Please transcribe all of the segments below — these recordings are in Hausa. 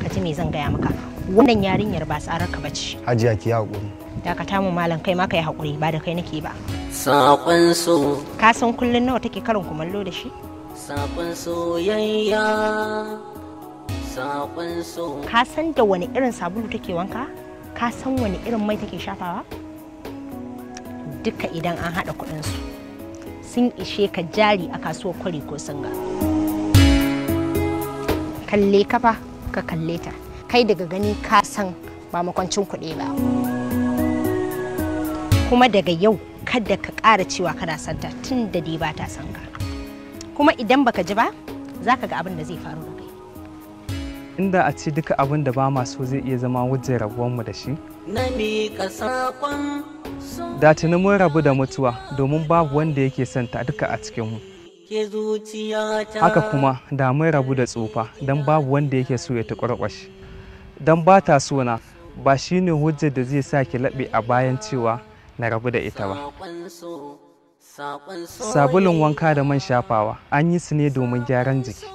ka ji me zan gaya maka wannan yarinyar ba tsarar ka bace hajiya ki ya hakuri dakata mu malam kai ma kai hakuri ba da kai nake ba sakon so ka san kullun nawa take karin kumallo da shi sakon soyayya sakon so ka san da wani irin sabulu take wanka ka san wani irin mai take shafawa duka idan an haɗa su sun ishe ka jari a kasuwar kwari ko singa kalle kafa ka kalle ta kai daga gani ka san ba makwancin kuɗi ba kuma daga yau kada ka ƙara cewa kana santa tun da dai ba ta san ka kuma idan baka ji ba za ka ga abin da zai faru da kai inda a ce duka abin da ba so zai iya zama wajen mu da shi da tuni mun rabu da mutuwa domin babu wanda yake santa duka a cikinmu haka kuma da mai rabu da tsufa don babu wanda yake so ya ta tukurkwashi don ba ta na ba shi ne hujjar da zai sa ki laɓe a bayan cewa na rabu da ita ba sabulun wanka da man shafawa an yi su ne domin gyaran jiki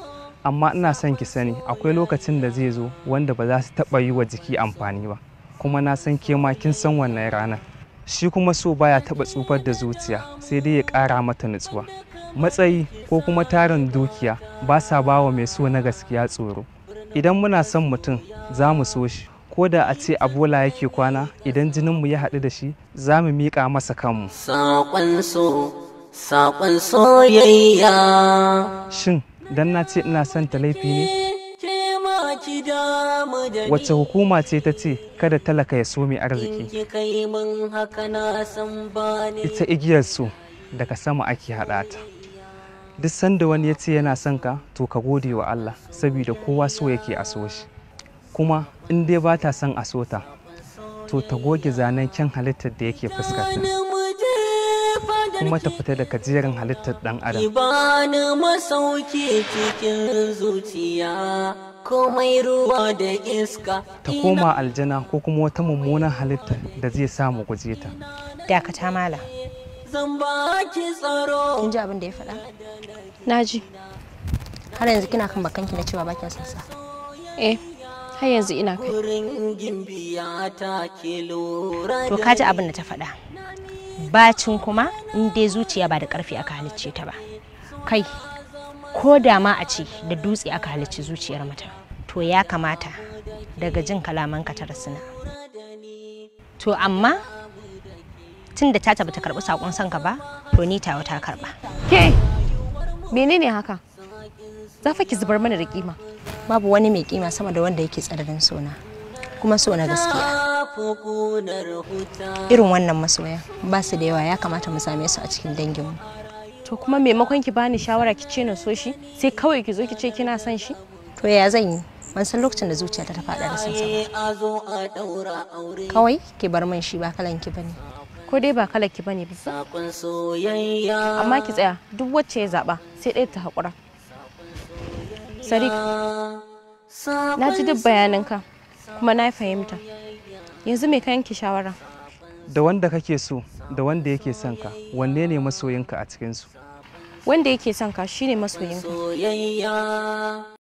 amma ina son ki sani akwai lokacin da zai zo wanda ba za su taɓa yi wa jiki amfani ba kuma na san ke ma kin san wannan ranar shi kuma so baya taɓa tsufar da zuciya sai dai ya ƙara mata nutsuwa matsayi ko kuma tarin dukiya ba sa ba wa mai so na gaskiya tsoro idan muna son mutum za mu so shi ko da a ce abola yake kwana idan jinin mu ya haɗu da shi za mu miƙa masa kanmu saƙon so soyayya shin dan na ce ina son ta laifi ne Wace hukuma ce ta ce kada talaka ya so mai arziki? Ita igiyar su daga sama ake haɗa ta. Duk sanda wani ya ce yana son ka to ka gode wa Allah saboda kowa so yake a so shi. Kuma in dai ba ta son a so ta to ta goge zanen kyan halittar da yake fuskata. kuma ta fita daga jerin halittar ɗan adam Ibanu masauki cikin zuciya komai ruwa da iska ta koma aljana ko kuma wata mummunan halitta da zai samu guje ta dakata mala zan baki tsaro kin ji abin da ya faɗa Na ji. har yanzu kina kan bakanki na cewa bakin sassa. eh har yanzu ina kai to kaji abin da ta faɗa bacin kuma in dai zuciya ba da karfi aka halicce ta ba kai ko da ma a ce da dutse aka halicci zuciyar mata. to ya kamata daga jin kalaman ka suna to amma tun da tata bata karbi sakon sanka ba to ni tawa ta karba ke menene haka za fa ki zubar mana da kima babu wani mai kima sama da wanda yake tsananin sona kuma sona gaskiya irin wannan masoya ba su da yawa ya kamata mu same su a cikin danginmu to kuma maimakon ki bani shawara ki ce na so shi sai kawai ki zo ki ce kina son shi to ya zan yi ban san lokacin da zuciya ta faɗa da san kawai ki bar min shi ba kalan ki bane ko dai ba kalan ki bane bisa amma ki tsaya duk wacce ya zaba sai ɗaya ta haƙura sarik na ji duk ka kuma na fahimta yanzu mai ka yanke shawara da wanda kake so da wanda yake son ka wanne ne masoyinka a cikinsu wanda yake son ka shine masoyinka